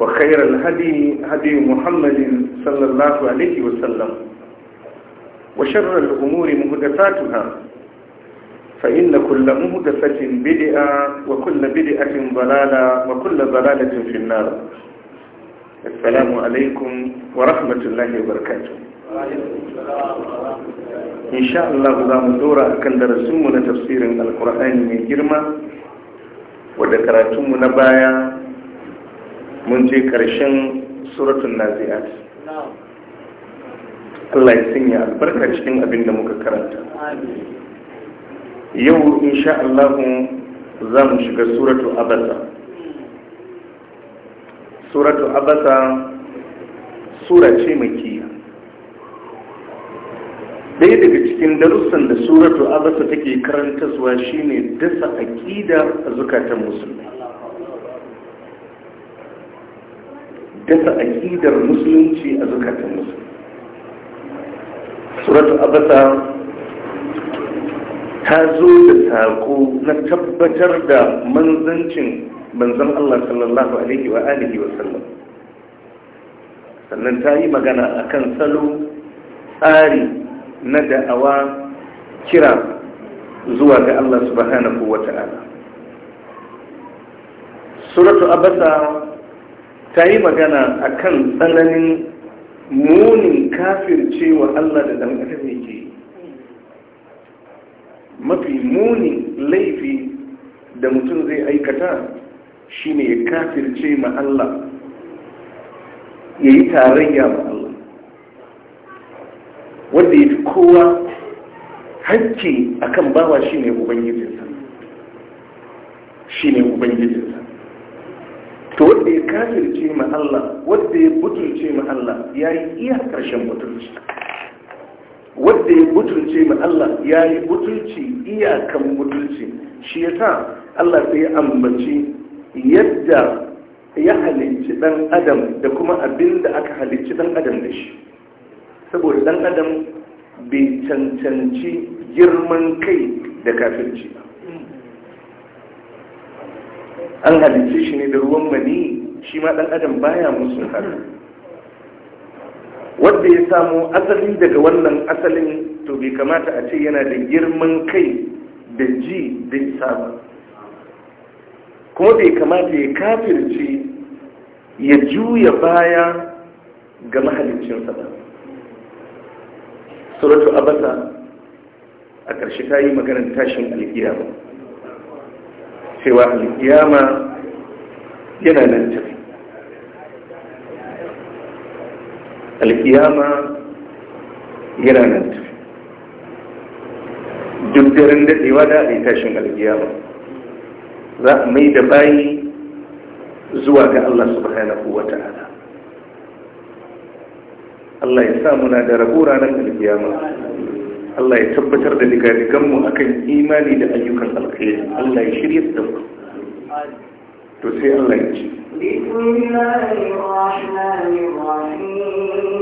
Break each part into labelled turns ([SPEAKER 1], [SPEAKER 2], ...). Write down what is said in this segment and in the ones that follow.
[SPEAKER 1] وخير الهدي هدي محمد صلى الله عليه وسلم وشر الأمور مهدفاتها فإن كل مهدفة بدئة وكل بدئة ضلالة وكل ضلالة في النار السلام عليكم ورحمة الله وبركاته إن شاء الله ذا مدورة كان درسومنا تفسير القرآن من جرمة ودكراتم نبايا mun je ƙarshen suratun nazi'at Allah ya sanya albarka cikin abin da muka karanta yau insha Allah za mu shiga suratu abasa suratu abasa sura ce makiya ɗaya daga cikin darussan da suratu abasa take zuwa shine dasa aƙida a zukatan musulmi dasa aƙidar musulunci a zukatan musulmi suratu abasa ta zo da saƙo na tabbatar da manzancin manzan Allah sallallahu alaihi wa alihi wa sallam sannan ta yi magana akan salo tsari na da'awa kira zuwa ga Allah subhanahu wa ta'ala suratu abasa ta yi magana a kan tsananin munin cewa Allah da ɗan ne. yake mafi munin laifi da mutum zai aikata shine ya ce ma Allah ya yi tarayya ma Allah wanda ya fi kowa a kan bawa shi ne ubangijinsa ne ubangijinsa to wanda ya kafirce ma Allah wanda ya butulce ma Allah ya yi iya karshen butulci wanda ya butulce ma Allah ya yi butulci iyakan butulci shi ya sa Allah sai ya ambaci yadda ya halicci dan adam da kuma abin da aka halicci dan adam da shi saboda dan adam bai cancanci girman kai da kafirci ba an halice shi ne da ruwan mani shi ma dan adam baya musu haka wanda ya samu asali daga wannan asalin to bai kamata a ce yana da girman kai da ji da isa ba kuma bai kamata ya kafirce ya juya baya ga mahalicinsa ba suratu abasa a ƙarshe ta yi maganar tashin alkiyama cewa alkiyama yana nan tafi alkiyama yana nan tafi duk daren daɗewa da a yi tashin alkiyama za a mai da bayi zuwa ga Allah subhanahu wa ta'ala Allah ya sa na da rabu ranar alkiyama Allah ya tabbatar da digadiganmu akan imani da ayyukan alkhairi Allah ya shirya da mu to sai Allah ya ce
[SPEAKER 2] bismillahir rahmanir rahim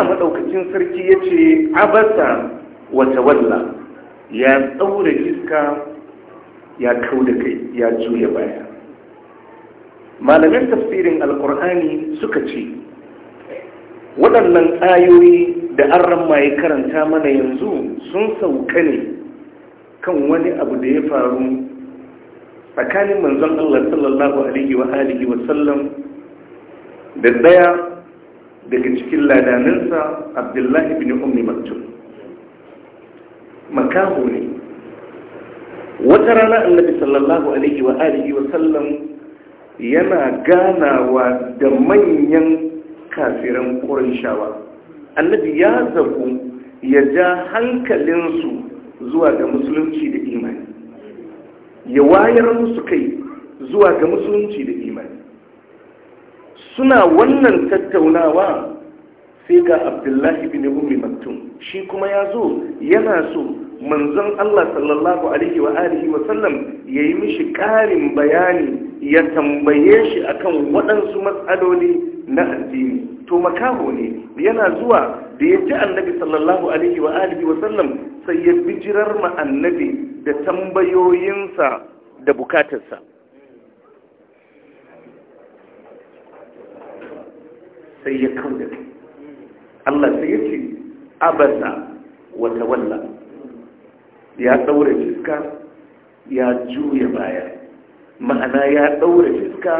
[SPEAKER 1] Allah maɗaukacin sarki ya ce abasa wata walla ya tsaura iska ya kau da kai ya juya baya malamin tafsirin alkur'ani suka ce waɗannan ayoyi da an ramma ya karanta mana yanzu sun sauka ne kan wani abu da ya faru tsakanin manzon Allah sallallahu alaihi wa alihi wa sallam da ɗaya. daga cikin ladaninsa abdullahi bin ummi maktum makaho ne wata rana annabi sallallahu alaihi wa alihi wa sallam yana ganawa da manyan kafiran ƙurayshawa annabi ya zaku ya ja hankalinsu zuwa ga musulunci da imani ya wayar musu kai zuwa ga musulunci da imani suna wannan tattaunawa sai ga abdullahi bin ummi maktum shi kuma ya zo yana so manzon Allah sallallahu alaihi wa alihi wa sallam yayi mishi ƙarin bayani ya tambaye shi akan waɗansu matsaloli na addini to makaho ne yana zuwa da ya ji annabi sallallahu alaihi wa alihi wa sallam sai ya bijirar ma annabi da tambayoyinsa da bukatarsa sai ya kauda kai Allah sai ya ce abasa wata walla ya ɗaure fiska ya juya baya ma'ana ya ɗaure fiska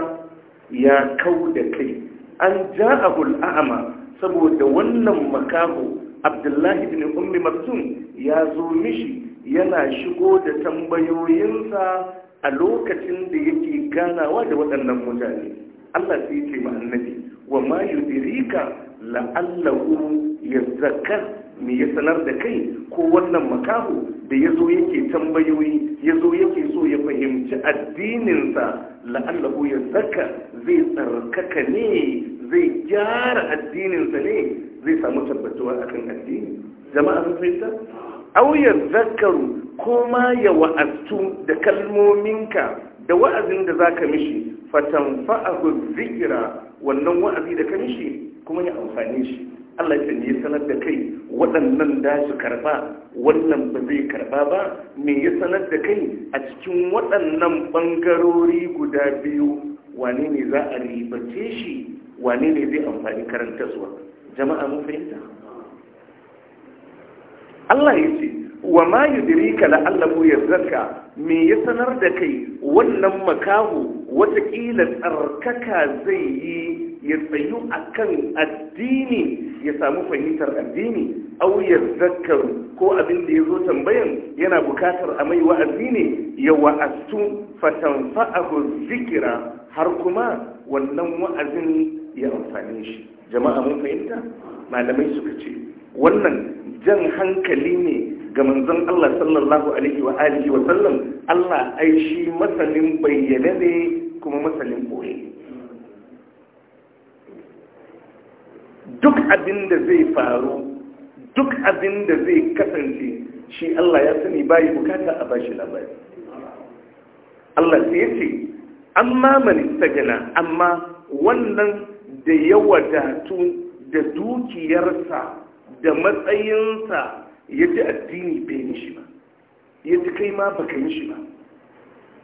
[SPEAKER 1] ya kauda kai an ja abul a'ama saboda wannan makaho abdullahi bin ummi maktum ya zo mishi yana shigo da tambayoyinsa a lokacin da yake ganawa da waɗannan mutane Allah sai ce ma annabi wa ma yudrika la'allahu yazzakka me ya sanar da kai ko wannan makaho da ya zo yake tambayoyi ya zo yake so ya fahimci addininsa la'allahu zaka zai tsarkaka ne zai gyara addininsa ne zai samu tabbatuwa akan addini jama'a sun fahimta au zakaru, ko ma ya wa'astu da kalmominka da wa'azin da zaka mishi fatan fa'ahu zikira wannan wa'azi da kan shi kuma ya amfani shi Allah ya ya sanar da kai waɗannan da su karba wannan ba zai karba ba me ya sanar da kai a cikin waɗannan ɓangarori guda biyu wane ne za a ribace shi wane ne zai amfani karantarwa jama'a mun fahimta Allah ya ce wa ma yudrika ya yazakka me ya sanar da kai wannan makahu watakila tsarkaka zai yi ya tsayu kan addini ya samu fahimtar addini au yazakkaru ko abin da ya zo tambayan yana bukatar a mai wa'azi ne ya wa'astu fatanfa'ahu zikira har kuma wannan wa'azin ya amfani shi jama'a mun fahimta malamai suka ce wannan jan hankali ne ga manzon Allah sallallahu alaihi wa alihi wa sallam Allah ai shi masanin bayyane ne kuma masanin boye duk abin da zai faru duk abin da zai kasance shi Allah ya sani bai bukata a bashi labari Allah sai yace amma man istagana amma wannan da ya wadatu da dukiyarsa da matsayinsa Yadda addini bai mishi ba yadda kai ma baka mishi ba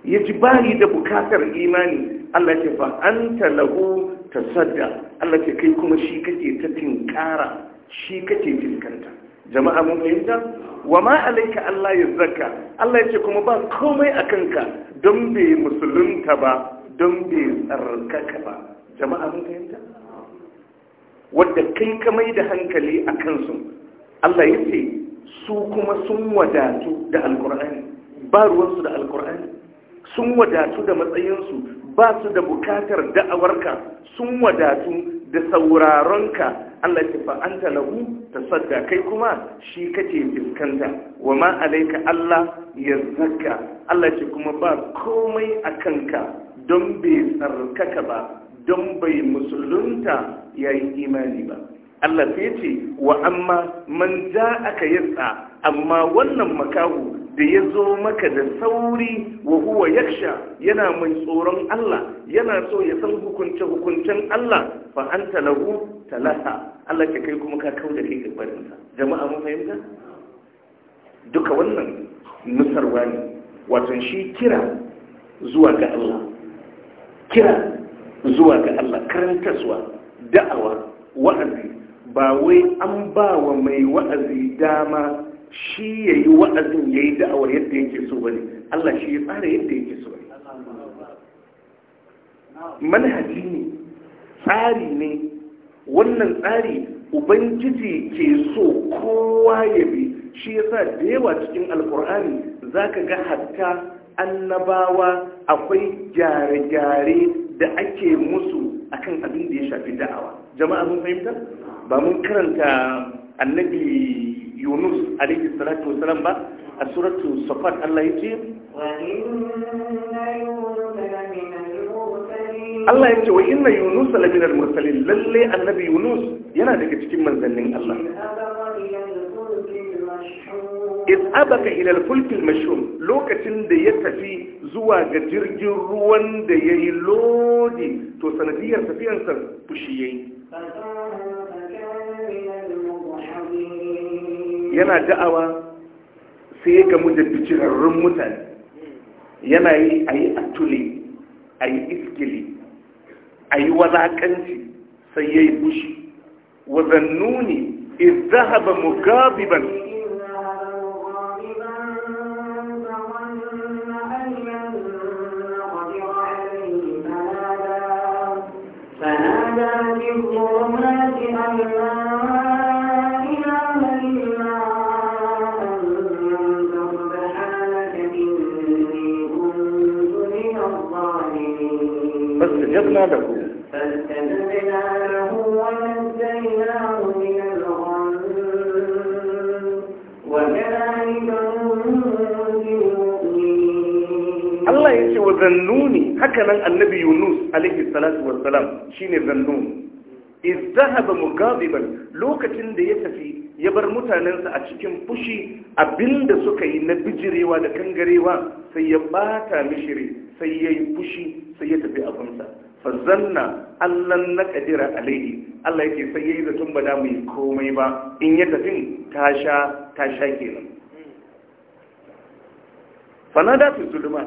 [SPEAKER 1] ya ji bayi da bukatar imani Allah ce fa an talahu ta sadda Allah ce kai kuma shi kake ta tinkara shi kake tinkanta jama'a mun fahimta wa ma alaika Allah ya zaka Allah ya ce kuma ba komai a kanka don bai musulunta ba don bai tsarkaka ba jama'a mun fahimta wadda kai ka mai da hankali a kansu Allah ya ce su kuma sun wadatu da alkur'ani ba ruwansu da alkur'ani sun wadatu da matsayinsu ba su da bukatar da'awarka sun wadatu da sauraronka Allah ya fa anta lahu tasadda kai kuma shi kake fiskanta wa ma alaika Allah ya zakka Allah ce kuma ba komai a kanka don bai tsarkaka ba don bai musulunta yayin imani ba Allah sai ce wa amma man ja aka yatsa amma wannan makahu da ya zo maka da sauri wa huwa yaksha yana mai tsoron Allah yana so ya san hukunce hukuncen Allah fa anta lahu talaha Allah ke kai kuma ka kauda kai gabarin sa jama'a mun fahimta duka wannan nusarwa ne wato shi kira zuwa ga Allah kira zuwa ga Allah zuwa da'awa wa'azi ba wai an ba wa mai wa'azi dama shi ya yi wa'azin ya yi da'awar yadda yake so ba ne Allah shi ya tsara yadda yake so ne manhaji ne tsari ne wannan tsari ubangiji ke so kowa ya bi shi ya sa da yawa cikin alkur'ani za ka ga hatta annabawa akwai gyare-gyare da ake musu akan abin da ya shafi da'awa jama'a mun fahimta ba mun karanta annabi yunus alaihi salatu wasalam ba a suratu safat allah ya ce
[SPEAKER 2] Allah ya ce wa inna yunus la
[SPEAKER 1] minal mursalin lalle annabi yunus yana daga cikin manzannin Allah iz abaka ila al-fulk al-mashhum lokacin da ya tafi zuwa ga jirgin ruwan da yayi lodi to sanadiyar tafiyarsa fushi yayi yana da'awa sai ya gamu da bijirarrun mutane yana yi a yi atule a yi iskili a yi walakanci sai ya yi bushi wazannu ne izahaba mu
[SPEAKER 2] فنادى في الظلمات أن لا فاستجبنا له فاستجبنا له ونجيناه من الغم وكذلك Allah ya ce wa
[SPEAKER 1] zannuni haka nan annabi Yunus alaihi salatu wassalam shine zannuni izahaba mugadiban lokacin da ya tafi ya bar mutanensa a cikin fushi abinda suka yi na bijirewa da kangarewa sai ya bata mishiri sai ya yi fushi sai ya tafi abinsa fazanna allan na kadira alaihi Allah yake sai yayi zaton ba da mu yi komai ba in ya tafi ta sha ta sha kenan fanada fi zulma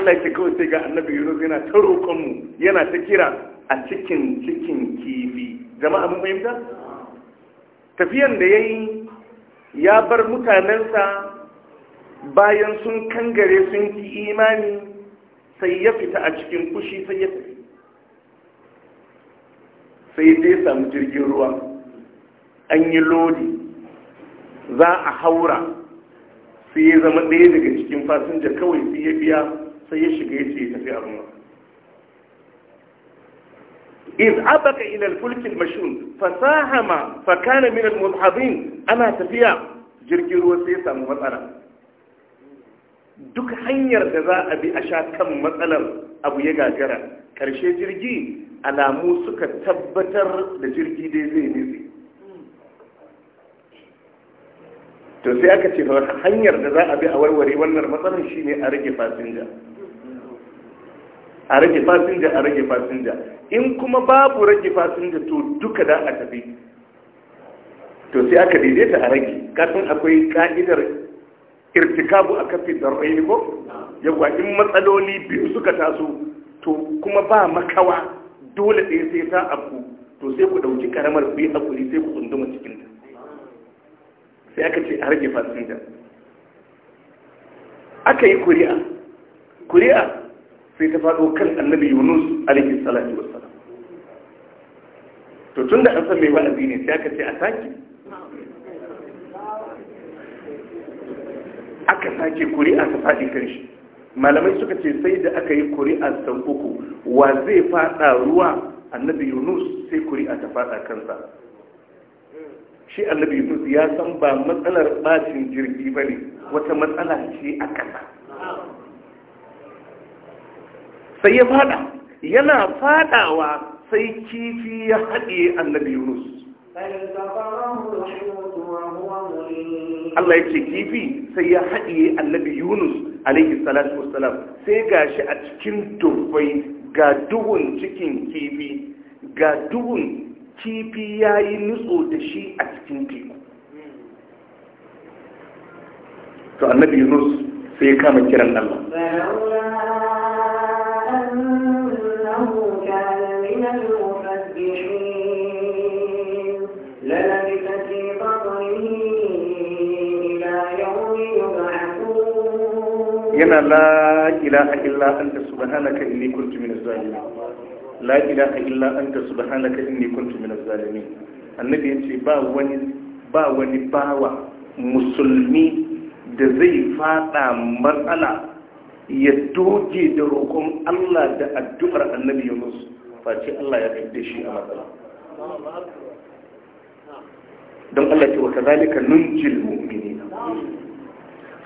[SPEAKER 1] Allah yake kawai sai ga annabi Yunus yana ta roƙon mu yana ta kira a cikin cikin kifi jama'a mun fahimta tafiyan da yayi ya bar mutanensa bayan sun kangare sun ki imani sai ya fita a cikin kushi sai ya tafi sai dai samu jirgin ruwa an yi lodi za a haura sai ya zama ɗaya daga cikin fasinja kawai sai ya biya sai ya shiga ya ce ya tafi abin إذ أبق إلى الفلك المشون فساهم fakana minan المضحضين ana tafiya. jirgin ruwa sai ya samu matsala duk hanyar da za a bi a sha kan matsalar abu ya gagara ƙarshe jirgi alamu suka tabbatar da jirgi dai zai nizi to sai aka ce hanyar da za a bi a warware wannan matsalar shi ne a rage fasinja a rage fasinja a rage fasinja in kuma babu rage fasinja to duka da a tafi to sai aka daidaita a rage kafin akwai ka'idar irtikabu a kafin darrai ko yawa in matsaloli biyu suka taso to kuma ba makawa dole ɗaya sai ta abu to sai ku ɗauki karamar ku yi hakuri sai ku tsunduma cikin ta sai aka ce a rage fasinja aka yi kuri'a kuri'a sai ta faɗo kan annabi yunus alaihi salatu wassalam to tun da an san mai wa'azi ne sai aka ce a taki aka sake kuri'a ta faɗi karshe malamai suka ce sai da aka yi kuri'a sau uku wa zai faɗa ruwa annabi yunus sai kuri'a ta faɗa kansa shi annabi yunus ya san ba matsalar bacin jirgi ba ne wata matsala ce a ƙasa sai ya faɗa yana faɗawa sai kifi ya haɗe annabi yunus Allah ya ce kifi sai ya haɗiye annabi Yunus alaihi salatu wassalam sai ga shi a cikin dubbai ga duhun cikin kifi ga duhun kifi ya yi nutso da shi a cikin teku to annabi Yunus sai ya kama kiran Allah yana la ilaha illa anta subhanaka inni kuntu minaz zalimin la ilaha illa anta subhanaka inni kuntu minaz zalimin annabi yace ba wani ba wani bawa musulmi da zai fada matsala ya doge da roƙon Allah da addu'ar annabi Yunus face Allah ya kaide shi a matsala don Allah ce wa kazalika nunjil mu'minina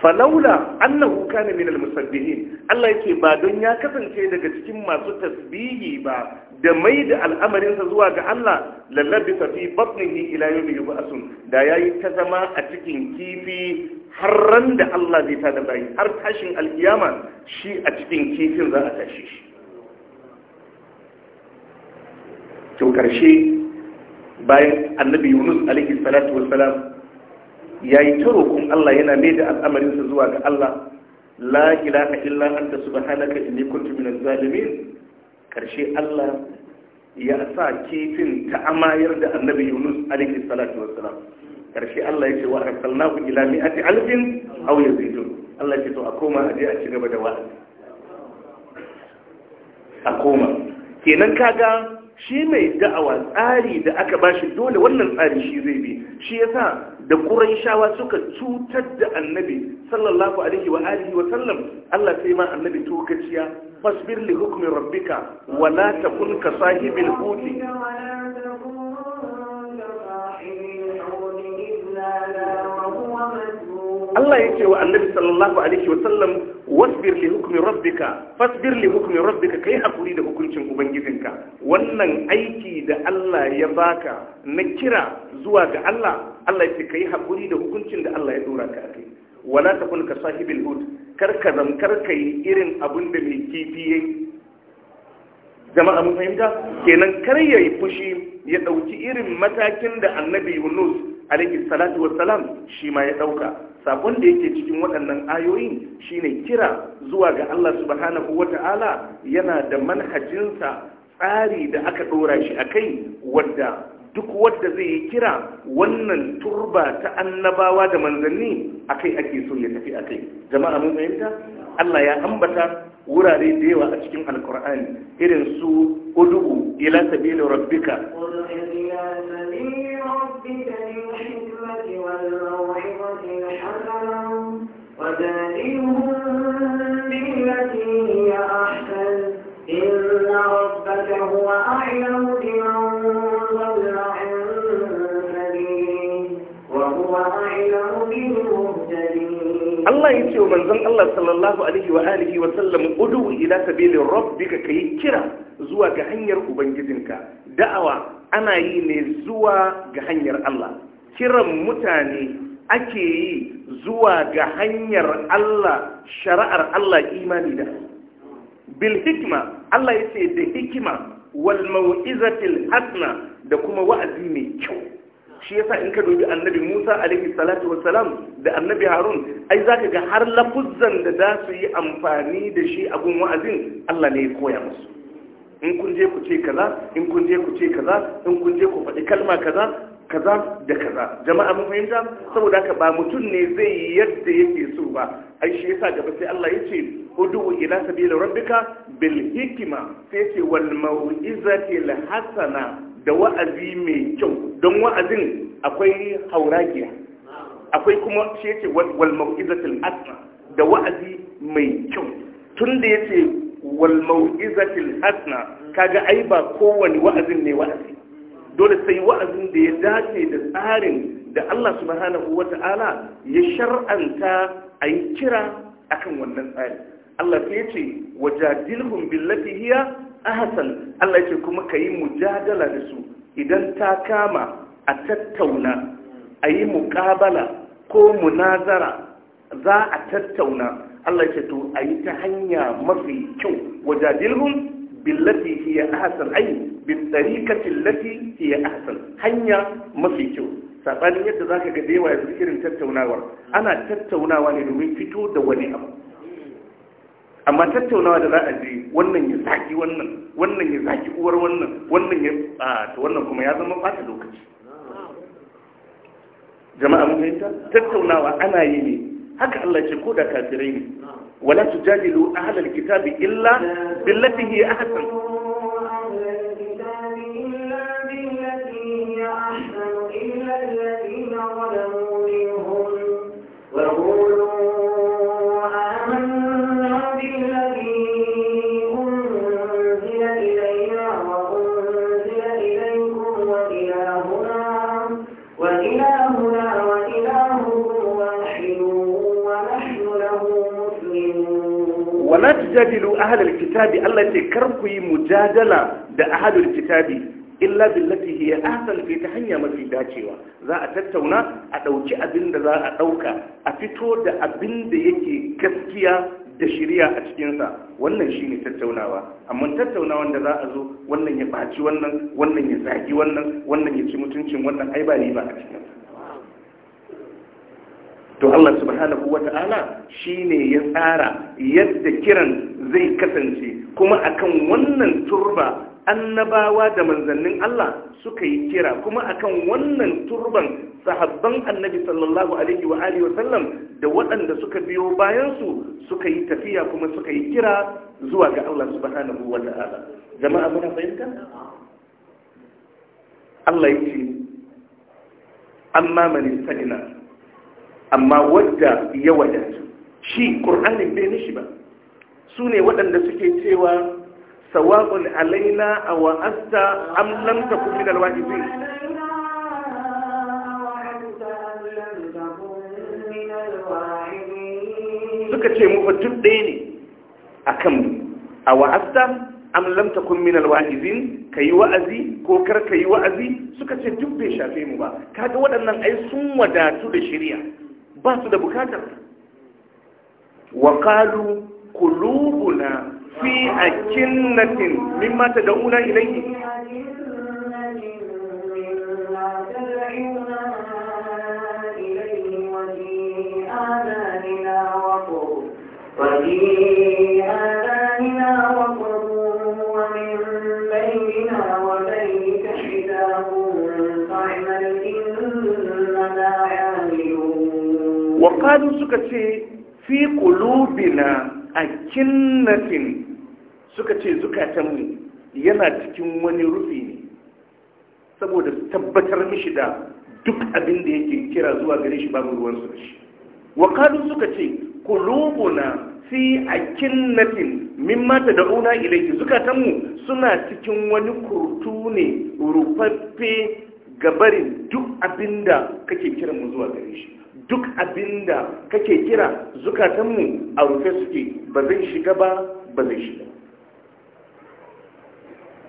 [SPEAKER 1] falaula annahu kana minal musabbihin Allah yake ba don ya kasance daga cikin masu tasbihi ba da mai da al'amarinsa zuwa ga Allah lallabi fi batnihi ila yawmi yub'asun da yayi ta zama a cikin kifi har ran da Allah zai tada bayi har tashin alkiyama shi a cikin kifin za a tashi shi to karshe bayan annabi Yunus alaihi salatu wassalam yayi tarokun Allah yana mai da al'amarinsa zuwa ga Allah la ilaha illa anta subhanaka inni kuntu minaz zalimin karshe Allah ya sa kifin ta amayar da annabi Yunus alaihi salatu wassalam karshe Allah ya ce wa arsalnahu ila mi'ati alfin aw yazidun Allah ya ce to a koma a je a ci gaba da wa'azi a koma kenan kaga shi mai da'awa tsari da aka bashi dole wannan tsari shi zai bi shi yasa da shawa suka cutar da annabi sallallahu alaihi wa alihi wa sallam Allah sai ma annabi tokaciya fasbir li hukmin rabbika wala takun ka sahibil
[SPEAKER 2] huti Allah ya ce wa
[SPEAKER 1] annabi sallallahu alaihi wa sallam wasbir li hukmi rabbika fasbir li hukmi rabbika kai hakuri da hukuncin ubangijinka wannan aiki da Allah ya baka na kira zuwa ga Allah Allah ya ce kai hakuri da hukuncin da Allah ya dora ka kai wala takun ka sahibil hud karka zam karka yi irin abin da mai kifi yayi jama'a mun fahimta kenan kar yayi fushi ya dauki irin matakin da annabi Yunus alaihi salatu wassalam shi ma ya dauka Sabon da yake cikin waɗannan ayoyin shine kira zuwa ga Allah subhanahu wata'ala yana da manhajinsa tsari da aka ɗora shi a kai wadda duk wadda zai yi kira wannan turba ta annabawa da manzanni a kai ake so ya tafi a kai jama'a mun fahimta Allah ya ambata wurare da yawa a cikin alkur'ani irin su udu'u ila sabili rabbika
[SPEAKER 2] والموعظة بالتي هي أحسن إن ربك هو بمن عن وهو بالمهتدين الله يتيو من
[SPEAKER 1] ظن الله صلى الله عليه وآله وسلم أدو إلى سبيل ربك كي كرا زوا ga hanyar دعوة أنا ana زوا ne الله kiran mutane ake yi zuwa ga hanyar Allah shari'ar Allah imani da bil hikma Allah ya ce da hikima wal mau'izatil hasna da kuma wa'azi mai kyau shi yasa in ka dubi annabi Musa alaihi salatu wassalam da annabi Harun ai zaka ga har lafuzzan da za su yi amfani da shi a gun wa'azin Allah ne ya koya musu in kun je ku ce kaza in kun je ku ce kaza in kun je ku faɗi kalma kaza kaza da kaza jama'a mun fahimta saboda haka ba mutum ne zai yi yadda yake so ba ai shi yasa gaba sai Allah yace udu ila sabila rabbika bil hikma sai yace wal mau'izati al hasana da wa'azi mai kyau don wa'azin akwai hauragiya akwai kuma shi yace wal mau'izati al hasana da wa'azi mai kyau tunda yace wal mau'izati al hasana kaga ai ba kowani wa'azin ne wa'azi dole sai wa'azin da ya dace da tsarin da Allah subhanahu ta'ala ya shar'anta a yi kira akan wannan tsari Allah ta ya ce wajadilhum billati hiya ahsan Allah ya ce kuma kayi mujadala da su idan ta kama a tattauna a yi muƙabala ko munazara za a tattauna Allah ya ce to a yi ta hanya mafi kyau wajadilhum billati hiya ahsan ay bi tariqati allati hiya ahsan hanya mafi kyau sabanin yadda zaka ga da yawa yanzu irin tattaunawar ana tattaunawa ne domin fito da wani abu amma tattaunawa da za a je wannan ya zaki wannan wannan ya zaki uwar wannan wannan ya a to wannan kuma ya zama bata lokaci jama'a mun fahimta tattaunawa ana yi ne haka Allah ce ko da kafirai ne wala tujadilu ahlal kitabi illa billati hi ahsan tujadilu ahlal kitabi Allah ce kar ku yi mujadala da ahlul kitabi illa billati hiya ahsan fi ta hanya mafi dacewa za a tattauna a dauki abin da za a dauka a fito da abin da yake gaskiya da shirya a cikinsa wannan shi tattaunawa amma tattaunawan da za a zo wannan ya baci wannan wannan ya zagi wannan wannan ya ci mutuncin wannan ai ba ba a cikinsa to Allah subhanahu wata'ala shine ya tsara yadda kiran zai kasance kuma akan wannan turba annabawa da manzannin Allah suka yi kira kuma akan wannan turban sahabban annabi sallallahu alaihi wa alihi da waɗanda suka biyo bayansu suka yi tafiya kuma suka yi kira zuwa ga Allah subhanahu wa ta'ala jama'a muna fahimta Allah ya ce amma man istagna amma wadda ya wadatu shi ƙur'anin bai nishi ba su ne waɗanda suke cewa sawa'un alaina a wa'asta amlanta ta kuma da
[SPEAKER 2] suka ce mu fa
[SPEAKER 1] duk ɗaya ne a kan a wa'asta am lam takun min alwa'izin kayi wa'azi ko kar yi wa'azi suka ce duk bai shafe mu ba kaga waɗannan ai sun wadatu da shari'a ba su da bukatar wa kalu kulubuna fi kinnatin mimma tad'una ilayhi وفي ƙalu suka ce fi kulubina a kinnatin suka ce zukatanmu yana cikin wani rufi ne saboda tabbatar mishi da duk abin da yake kira zuwa gare shi babu ruwan da shi wa ƙalu suka ce kulubuna fi a kinnatin mimma ta da'una ilaiki zukatanmu suna cikin wani kurtu ne rufaffe gabarin duk abinda da kake kiranmu zuwa gare shi duk abinda kake kira zukatanmu a rufe suke ba zai shiga ba ba zai shiga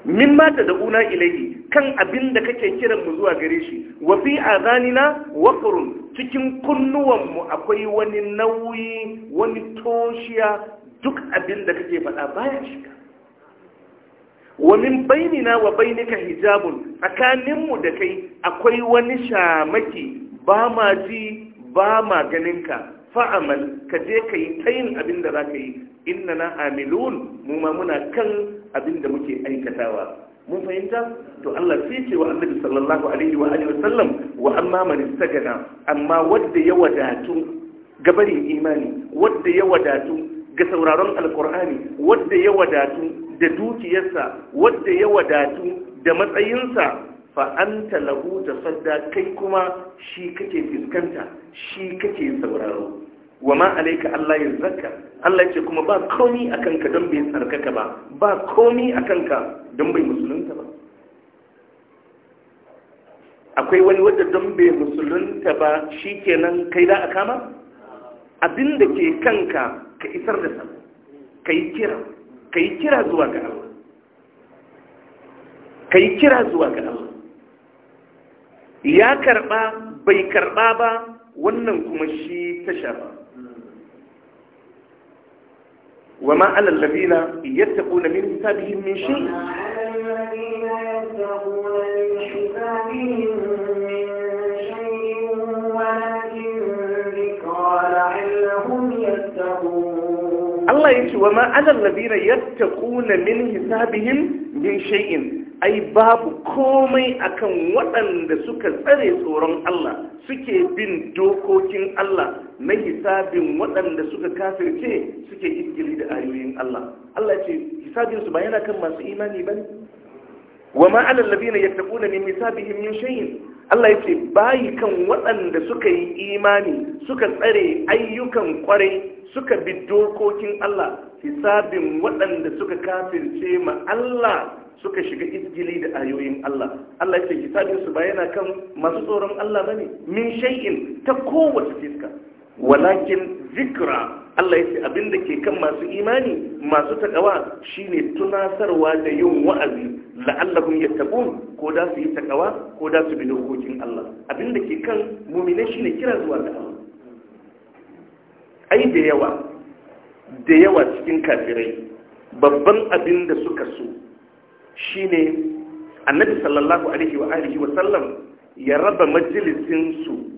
[SPEAKER 1] min mata da una ilayi kan abinda kake kiran mu zuwa gare shi wa a azanina waqrun cikin kunnuwanmu akwai wani nauyi wani toshiya duk abinda kake faɗa baya shiga wa min bainina wa bainika hijabun tsakaninmu da kai akwai wani shamaki ba ma ji ba ma ganin ka fa'amal ka je ka yi tayin abin da za ka yi inna na amilun mu ma muna kan abin da muke aikatawa mun fahimta to Allah sai ce wa annabi sallallahu alaihi wa alihi wasallam wa amma man istagana amma wanda ya wadatu gabarin imani wanda ya wadatu ga sauraron alkur'ani wanda ya wadatu da dukiyarsa wanda ya wadatu da matsayinsa fa anta lahu sadda kai kuma shi kake fiskanta shi kake sauraro wa ma alayka Allah ya zakka Allah ce kuma ba komi akan ka don bai tsarkaka ba ba komi akan ka don bai musulunta ba akwai wani wadda don bai musulunta ba shi kenan kai da a kama abin da ke kanka ka isar da sa ka yi kira ka yi kira zuwa ga Allah kira zuwa ga ya karba bai karba ba wannan kuma shi ta shafa wa ma alal ladina yattaquna min hisabihim min shi Allah ya ce wa ma ya ladina yattaquna min hisabihin min shay'in ai babu komai akan waɗanda suka tsare tsoron Allah suke bin dokokin Allah na hisabin waɗanda suka kafirce suke ƙirƙiri da ayoyin Allah Allah ce hisabinsu ba yana kan masu imani ba ne wa ma labina ya yattaquna da min hisabihim min shayin Allah ya ce bayi kan waɗanda suka yi imani suka tsare ayyukan kwarai suka bi dokokin Allah hisabin waɗanda suka kafirce ma Allah suka shiga izgili da ayoyin Allah Allah ya ce hisabin su ba yana kan masu tsoron Allah bane min shay'in ta kowace fiska walakin zikra Allah ya ce abin da ke kan masu imani masu takawa shine tunasarwa da yin wa'azi la'allahum yattaqun ko da su yi takawa ko da su bi dokokin Allah abin da ke kan mu'mine shine kira zuwa ga Allah ai da yawa da yawa cikin kafirai babban abin da suka so Shi ne annabi sallallahu alaihi wa alihi wa sallam ya raba majalisinsu.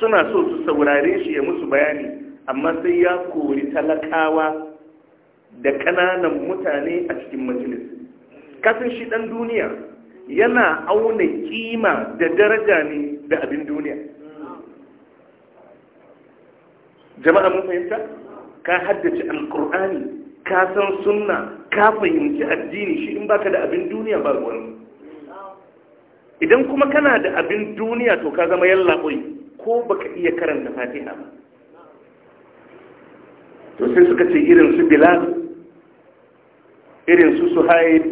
[SPEAKER 1] suna so su saurare shi ya musu bayani amma sai ya kori talakawa da kananan mutane a cikin majalis kasan shi dan duniya yana auna kima da daraja ne da abin duniya jama'a mun fahimta ka haddace alkur'ani ka san sunna ka fahimci addini shi in baka da abin duniya ba wani idan kuma kana da abin duniya to ka zama yalla ko baka iya karanta fatiha ba to sai suka ce irin su bilal irin su suhaib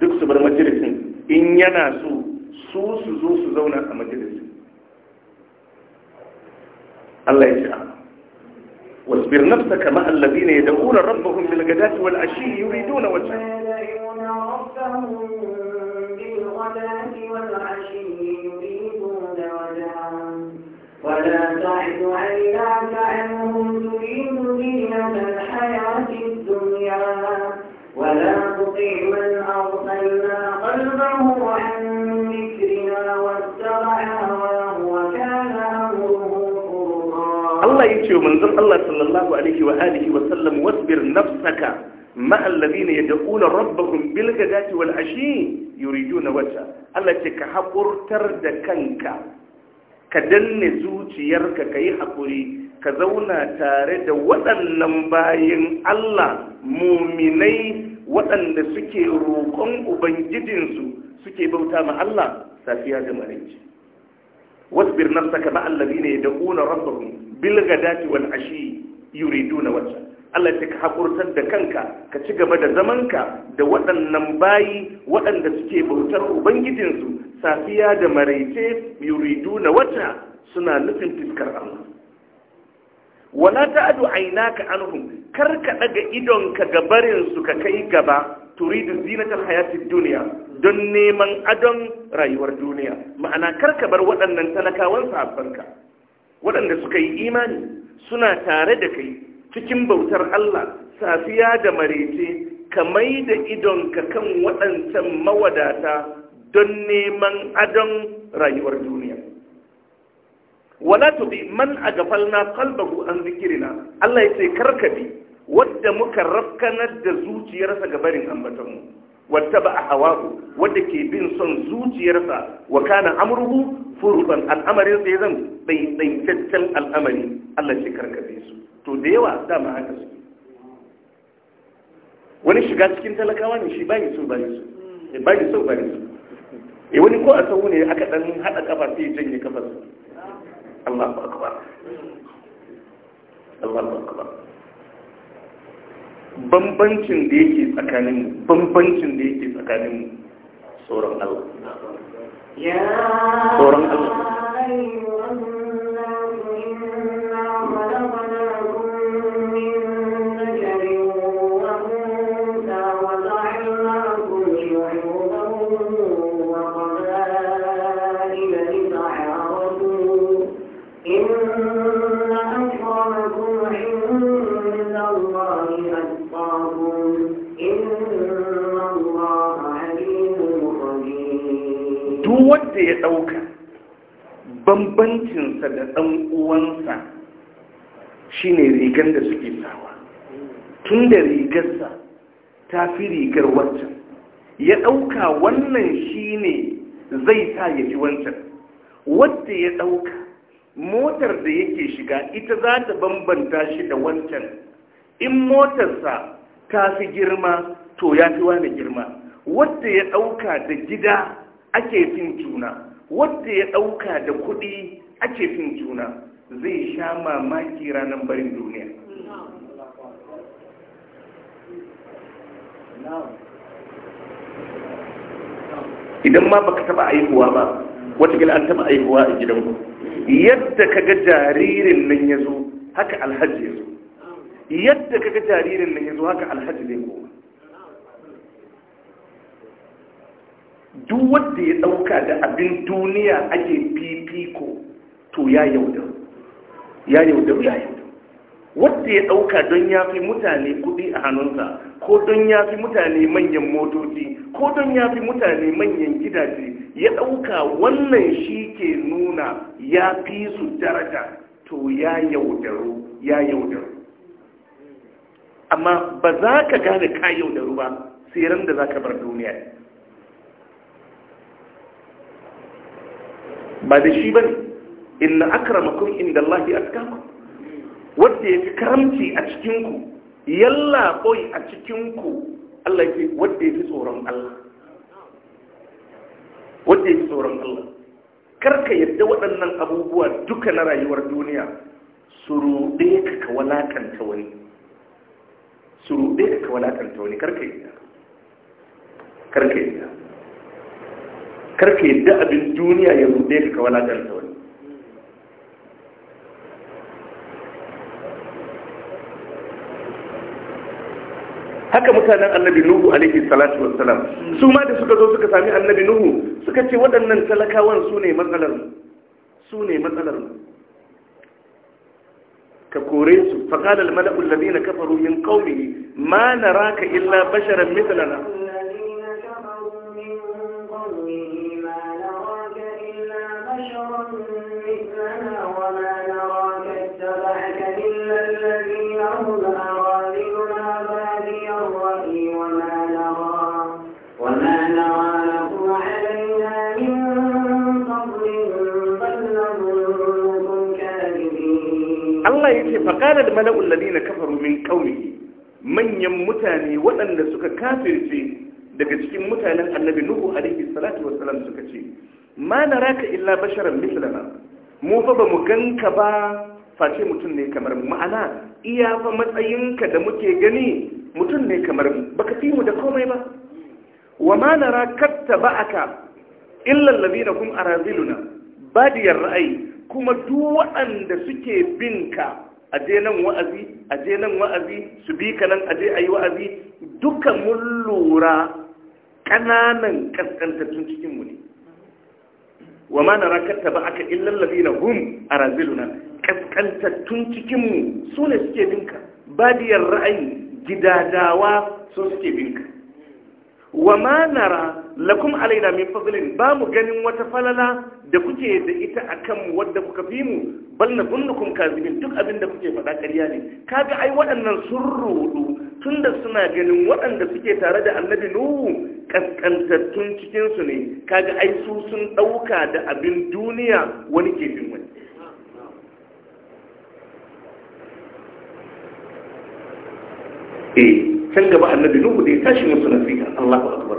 [SPEAKER 1] duk su bar majalisin in yana su su su zo su zauna a majalisin Allah ya ce واصبر نفسك مع الذين يدعون ربهم بالغداة والعشي يريدون وجهه yace manzon Allah sallallahu alaihi wa alihi wa sallam wasbir nafsaka ma alladhina yad'una rabbahum bil ghadati wal ashi yuriduna wata. Allah ce ka hakurtar da kanka ka danne zuciyarka ka yi haƙuri ka zauna tare da waɗannan bayan Allah muminai waɗanda suke roƙon ubangijinsu suke bauta ma Allah safiya da maraice wasbir nafsaka ma alladhina yad'una rabbahum Bilga wal ashi yuriduna wajha Allah ta hakurtar da kanka ka ci gaba da zamanka da waɗannan bayi waɗanda suke bautar ubangijinsu safiya da maraice yuriduna wata suna nufin fiskar Allah wala ta adu ina ka anhum kar ka daga idonka ga gabarin su ka kai gaba turidu zinatar hayatin duniya don neman adon rayuwar duniya ma'ana kar ka bar waɗannan talakawan sahabbanka waɗanda suka yi imani suna tare da kai cikin bautar Allah safiya da marece ka mai da ka kan waɗancan mawadata don neman adon rayuwar duniya wala bi man agafalna qalbahu an zikirina. Allah ya ce karkabi wadda muka rafkanar da zuciyarsa ga barin ambatonmu ba hawa ahawahu wadda ke bin son zuciyarsa wa kana amurhu furban al'amarin sai zan daidaitaccen al'amari Allah shi karkace su to da yawa dama haka su wani shiga cikin talakawa ne shi bayi so bayi so eh, bayi so bayi so e wani ko a sau ne aka dan hada kafa sai janye kafarsa Allah akbar Allahu akbar bambancin da yake tsakaninmu bambancin da yake tsakaninmu tsoron Allah tsoron Allah wanda ya ɗauka bambancinsa da ɗan uwansa shine rigar da suke sawa tun da rigarsa ta fi rigar wancan ya ɗauka wannan shine zai sa ya fi wancan wadda ya ɗauka motar da yake shiga ita za ta bambanta shi da wancan in motarsa ta fi girma to ya fi wani girma wanda ya ɗauka da gida ake fin juna wadda ya ɗauka da kuɗi ake fin juna zai sha mamaki ranar barin duniya idan ma baka taba aihuwa ba watakila an taba aihuwa a gidanku yadda kaga jaririn nan ya zo haka alhaji ya zo yadda kaga jaririn nan ya zo haka alhaji ne ko duk wanda ya ɗauka da abin duniya ake fifiko to ya yaudaru ya yaudaru ya wadda ya ɗauka don ya fi mutane kuɗi a hannunsa ko don ya fi mutane manyan motoci ko don ya fi mutane manyan gidaje ya ɗauka wannan shi ke nuna ya fi su daraja to ya yaudaru ya yaudaru amma ba za ka gane ka yaudaru ba sai ran da za ka bar duniya ba da shi ba ne inna akramakum inda Allah ya askama wadda ya fi karamci a cikinku yalla boy a cikinku Allah ya fi wadda ya fi tsoron Allah wadda ya fi tsoron Allah karka yadda waɗannan abubuwa duka na rayuwar duniya su ruɗe ka ka walakanta wani su ruɗe ka ka walakanta wani karka yadda karka yadda karka yadda abin duniya ya rude ka ka walakarta wani haka mutanen annabi nuhu alaihi salatu wassalam su ma da suka zo suka sami annabi nuhu suka ce waɗannan talakawan su ne matsalar su ne matsalar ka kore su faqala al mala'u kafaru yin qaumihi ma raka illa basharan mithlana faƙalar mala'ul ladina kafaru min manyan mutane waɗanda suka kafirce daga cikin mutanen annabi nuhu alaihi salatu wassalam suka ce ma naraka illa basharan mislana mu fa ba mu ganka ba face mutum ne kamar mu ma'ana iya fa matsayinka da muke gani mutum ne kamar mu baka fi mu da komai ba wa ma nara kattaba'aka illa alladhina hum araziluna badiyar ra'ayi kuma duk waɗanda suke binka aje nan wa'azi aje nan wa'azi su bi ka nan aje ayi wa'azi duka mun lura kananan kaskantattun cikin mu ne wa ma nara ba aka illal ladina hum araziluna kaskantattun cikin mu su ne suke binka badiyar ra'ayi gidadawa su suke binka wa ma nara lakum alaina min fadlin ba mu ganin wata falala da kuke da ita akan wadda kuka fi mu bal na gunnukum kazibin duk abin da kuke faɗa ƙarya ne kaga ai waɗannan sun rudu tunda suna ganin waɗanda suke tare da annabi nuhu kaskantattun cikin su ne kaga ai su sun ɗauka da abin duniya wani ke fi wani eh can gaba annabi nuhu da ya tashi musu nasiha Allahu akbar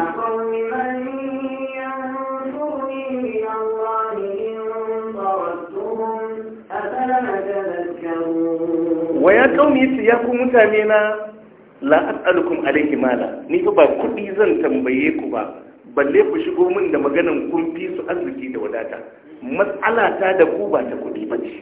[SPEAKER 1] wa ya kauni su ya ku mutane na la'as'alukum alaihi mala ni fa ba kuɗi zan tambaye ku ba balle ku shigo min da maganan kun fi su arziki da wadata matsala ta da ku ba ta kuɗi ba ce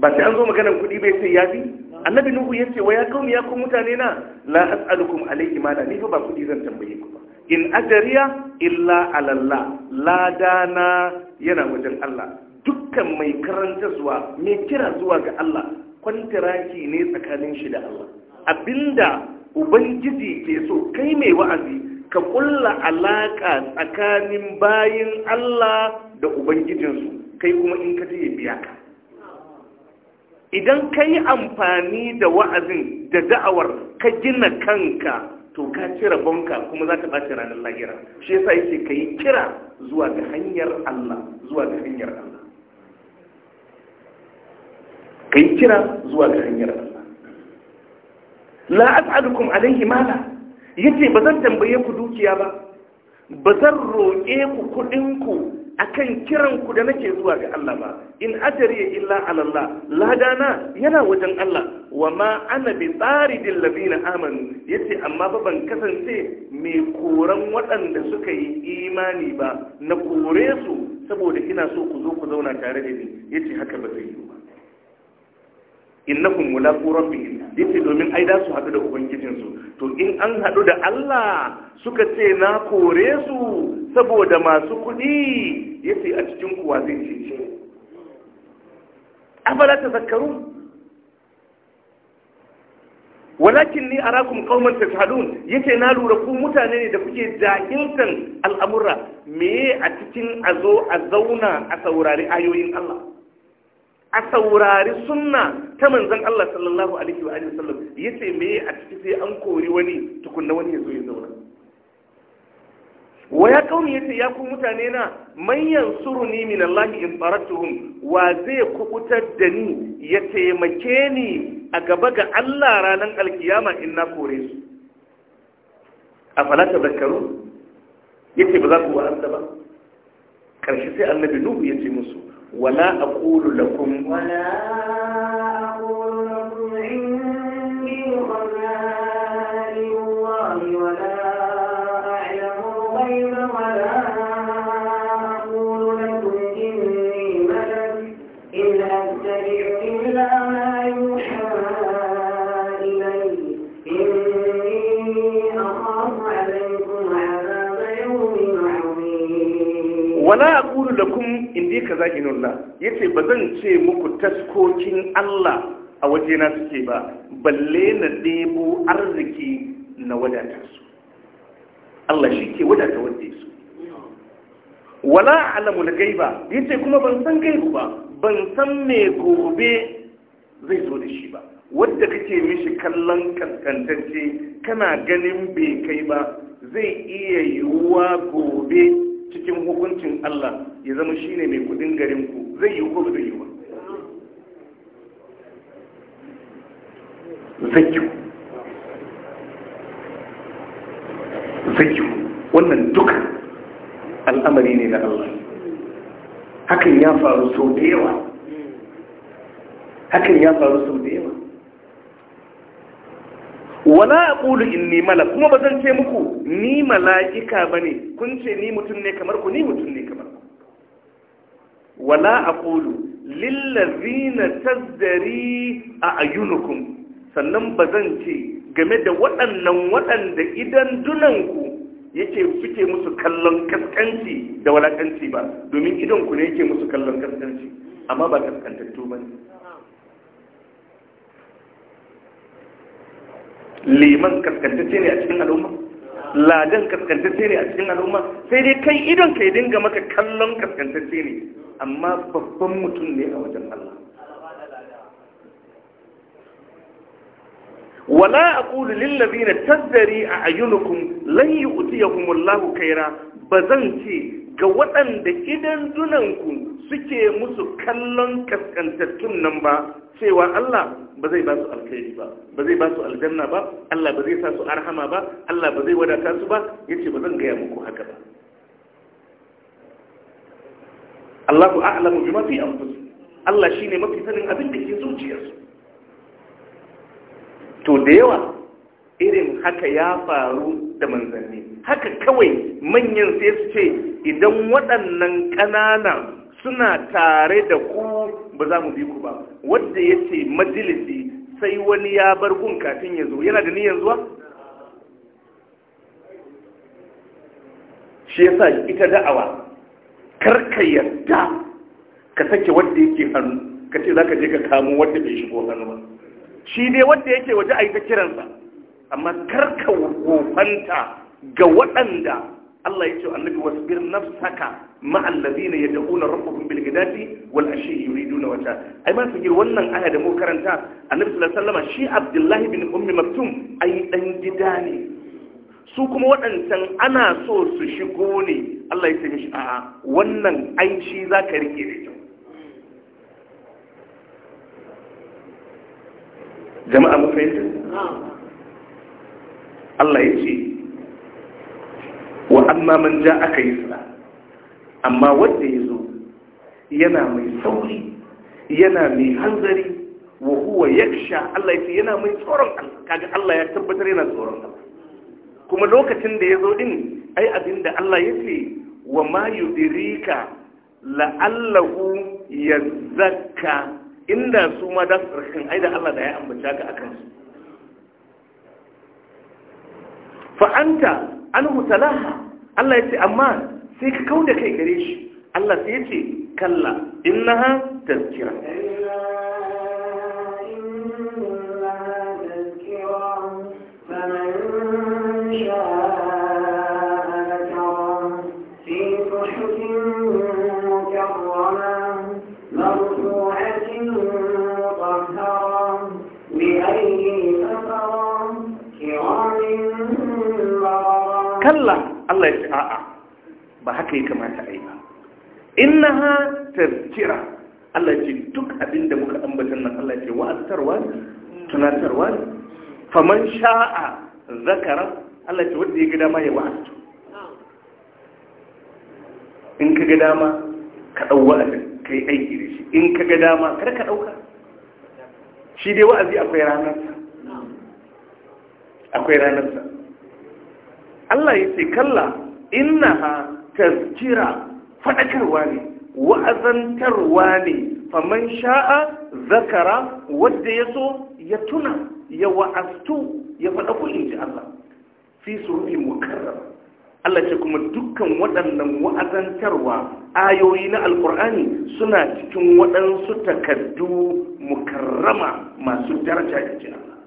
[SPEAKER 1] ba sai an zo maganan kuɗi bai sai ya fi annabi nuhu ya ce wa ya kauni ya ku mutane na la'as'alukum alaihi mala ni fa ba kuɗi zan tambaye ku ba in ajariya illa alallah ladana yana wajen Allah dukkan mai karanta zuwa mai kira zuwa ga Allah kwantiraki ne tsakanin shi da Allah abinda ubangiji ke so kai mai wa'azi ka kulla alaka tsakanin bayin Allah da ubangijinsu kai kuma in ka je biya ka idan ka amfani da wa'azin da da'awar ka gina kanka to ka cire bonka kuma za ka ɓace ranar lahira shi yasa yake ka yi kira zuwa ga hanyar Allah zuwa ga hanyar Allah kai kira zuwa ga hanyar Allah la as'alukum alayhi mala yace ba zan tambaye ku dukiya ba ba zan roƙe ku kuɗin ku akan kiran ku da nake zuwa ga Allah ba in ajri illa ala Allah ladana yana wajen Allah wa ma ana bi taridil ladina aman yace amma ba ban kasance mai koran waɗanda suka yi imani ba na kore su saboda ina so ku zo ku zauna tare da ni yace haka ba zai yi innakum mulaqu rabbihim yace domin ai da su haɗu da ubangijin su to in an haɗu da Allah suka ce na kore su saboda masu kuɗi yace a cikin kuwa zai ce afala tazakkarun walakin ni arakum qauman tashhadun yace na lura ku mutane ne da kuke jahiltan al'amura me a cikin azo a zauna a saurari ayoyin Allah a saurari sunna ta manzan Allah sallallahu alaihi wa alihi sallam yace me a ciki sai an kori wani tukunna wani yazo ya zauna wa ya kauni yace ya ku mutane na man yansuruni min Allah in faratuhum wa zai kubutar da ni ya taimake ni a gaba ga Allah ranar alkiyama in na kore su a falata zakaru yace ba za ku wa'anda ba karshe sai annabi nuhu yace musu ولا أقول لكم ولا
[SPEAKER 2] أقول لكم عندي خزائن الله ولا أعلم الغيب ولا أقول لكم إني ملك إن أتبع إلا ما يوحى إلي إني أخاف عليكم عذاب يوم عظيم ولا
[SPEAKER 1] أقول لكم indi ka ya yace ba zan ce muku taskokin Allah a wajena suke ba balle na debo arziki na wadata su Allah shi ke wadata wadda su wala alamul gaiba yace kuma ban san gaibu ba ban san me gobe zai zo da shi ba wadda kake mishi kallon kankantacce kana ganin bai kai ba zai iya yiwuwa gobe cikin hukuncin Allah ya zama shine mai kudin garin ku zai yi ko zai yi ba Zai yi wannan duka al'amari ne na Allah hakan ya faru sau da yawa hakan ya faru sau da yawa wala aqulu inni malak kuma bazan ce muku ni mala'ika bane kun ce ni mutum ne kamar ku ni mutum ne kamar ku wala aqulu lillazina tazdari a ayunukum sannan bazan ce game da waɗannan waɗanda idan dunanku yake suke musu kallon kaskanci da walakanci ba domin idan ku ne yake musu kallon kaskanci amma ba kaskantattu ba liman kaskantacce ne a cikin al'umma ladan kaskantacce ne a cikin al'umma sai dai kai idon ka dinga maka kallon kaskantacce ne amma babban mutum ne a wajen Allah wala aqulu lil ladina tazdari a'yunukum lan yu'tiyahumullahu khaira bazan ce ga waɗanda idan dunanku suke musu kallon kaskantattun nan ba cewa Allah ba zai ba su alkhairi ba ba zai ba su aljanna ba Allah ba zai sa su arhama ba Allah ba zai wadata su ba yace ba zan gaya muku haka ba Allahu a'lamu bima fi anfusihim Allah shine mafi sanin abin da ke zuciyarsu to da yawa irin haka ya faru da manzanni haka kawai manyan sai su ce idan waɗannan ƙananan suna tare da ku ba za mu bi ku ba wadda ya ce majalisi sai wani ya bar gun kafin ya zo yana da niyan zuwa shi ya sa ita da'awa karka yarda ka sake wadda yake hannu ka ce za ka je ka kamo wadda bai shigo hannu ba shi ne wadda yake waje a yi ta kiransa amma karka wofanta ga waɗanda Allah ya ce annabi wasbir nafsaka ma allazina yad'una rabbahum bil ghadati wal ashi yuriduna wata. ai ma figir wannan aya da mu karanta annabi sallallahu alaihi wasallam shi Abdullahi bin Ummi Maktum ai dan gida ne su kuma waɗancan ana so su shigo ne Allah ya ce mishi a'a wannan ai shi zaka rike da kyau jama'a mu fahimta Allah ya ce wa amma man ja aka yi sura amma wanda ya zo yana mai sauri yana mai hanzari wa huwa yaksha Allah ya ce yana mai tsoron kaga Allah ya tabbatar yana tsoron kuma lokacin da ya zo din ai abinda Allah ya ce wa ma dirika la'allahu yazakka inda su ma da su ai da Allah da ya ambata ga akan su fa'anta. an talaha Allah ya ce amma sai ka kauda kai gare shi Allah sai ya ce kalla innaha tazkira kalla Allah ya ce a'a ba haka ya kamata a yi ba ha tazkira Allah ya ce duk abin da muka ambatan nan Allah ya ce wa'azarwa ne tunatarwa ne faman sha'a zakara Allah ya ce wanda ya ga dama ya wa'azu in ka ga dama ka dau ka kai aiki da shi in ka ga dama kar ka dauka shi dai wa'azi akwai ranarsa akwai ranarsa Allah ya ce kalla innaha tazkira fadakarwa ne wa'azantarwa ne faman sha'a zakara wadda ya so ya tuna ya wa'astu ya faɗa kuɗin ji Allah fi surufi mukarram Allah ce kuma dukkan waɗannan wa'azantarwa ayoyi na alƙur'ani suna cikin waɗansu takardu mukarrama masu daraja da ji Allah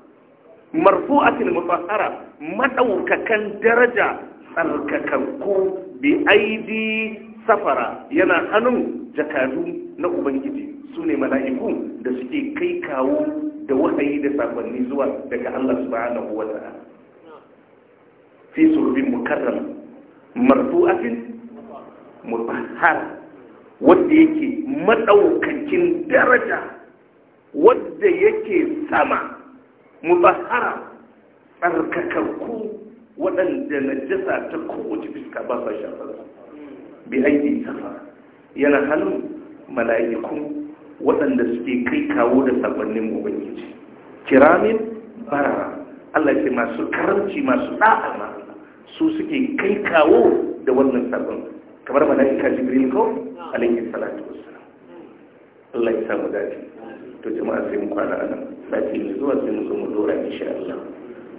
[SPEAKER 1] marfu'atin mutahhara maɗaukakan daraja tsarkakanku bi aidi safara yana hannun jakadu na ubangiji su ne mala'iku da suke kai kawo da wahayi da sabanni zuwa daga Allah subhanahu wa ta'ala fi surbin mukarram marfu'atin mutahhara wanda yake madaukakin daraja wanda yake sama mutahhara tsarkakakku waɗanda jasa ta kowace fiska ba sa shafar bi aiki safa yana hannun mala'ikun waɗanda suke kai kawo da sabannin ubangiji kiramin bara Allah ce masu karanci masu da'a ma su suke kai kawo da wannan sabon kamar mala'ika jibril ko alayhi salatu wassalam Allah ya samu dace to jama'a sai mu kwana anan lafiya zuwa sai mu zo mu dora insha Allah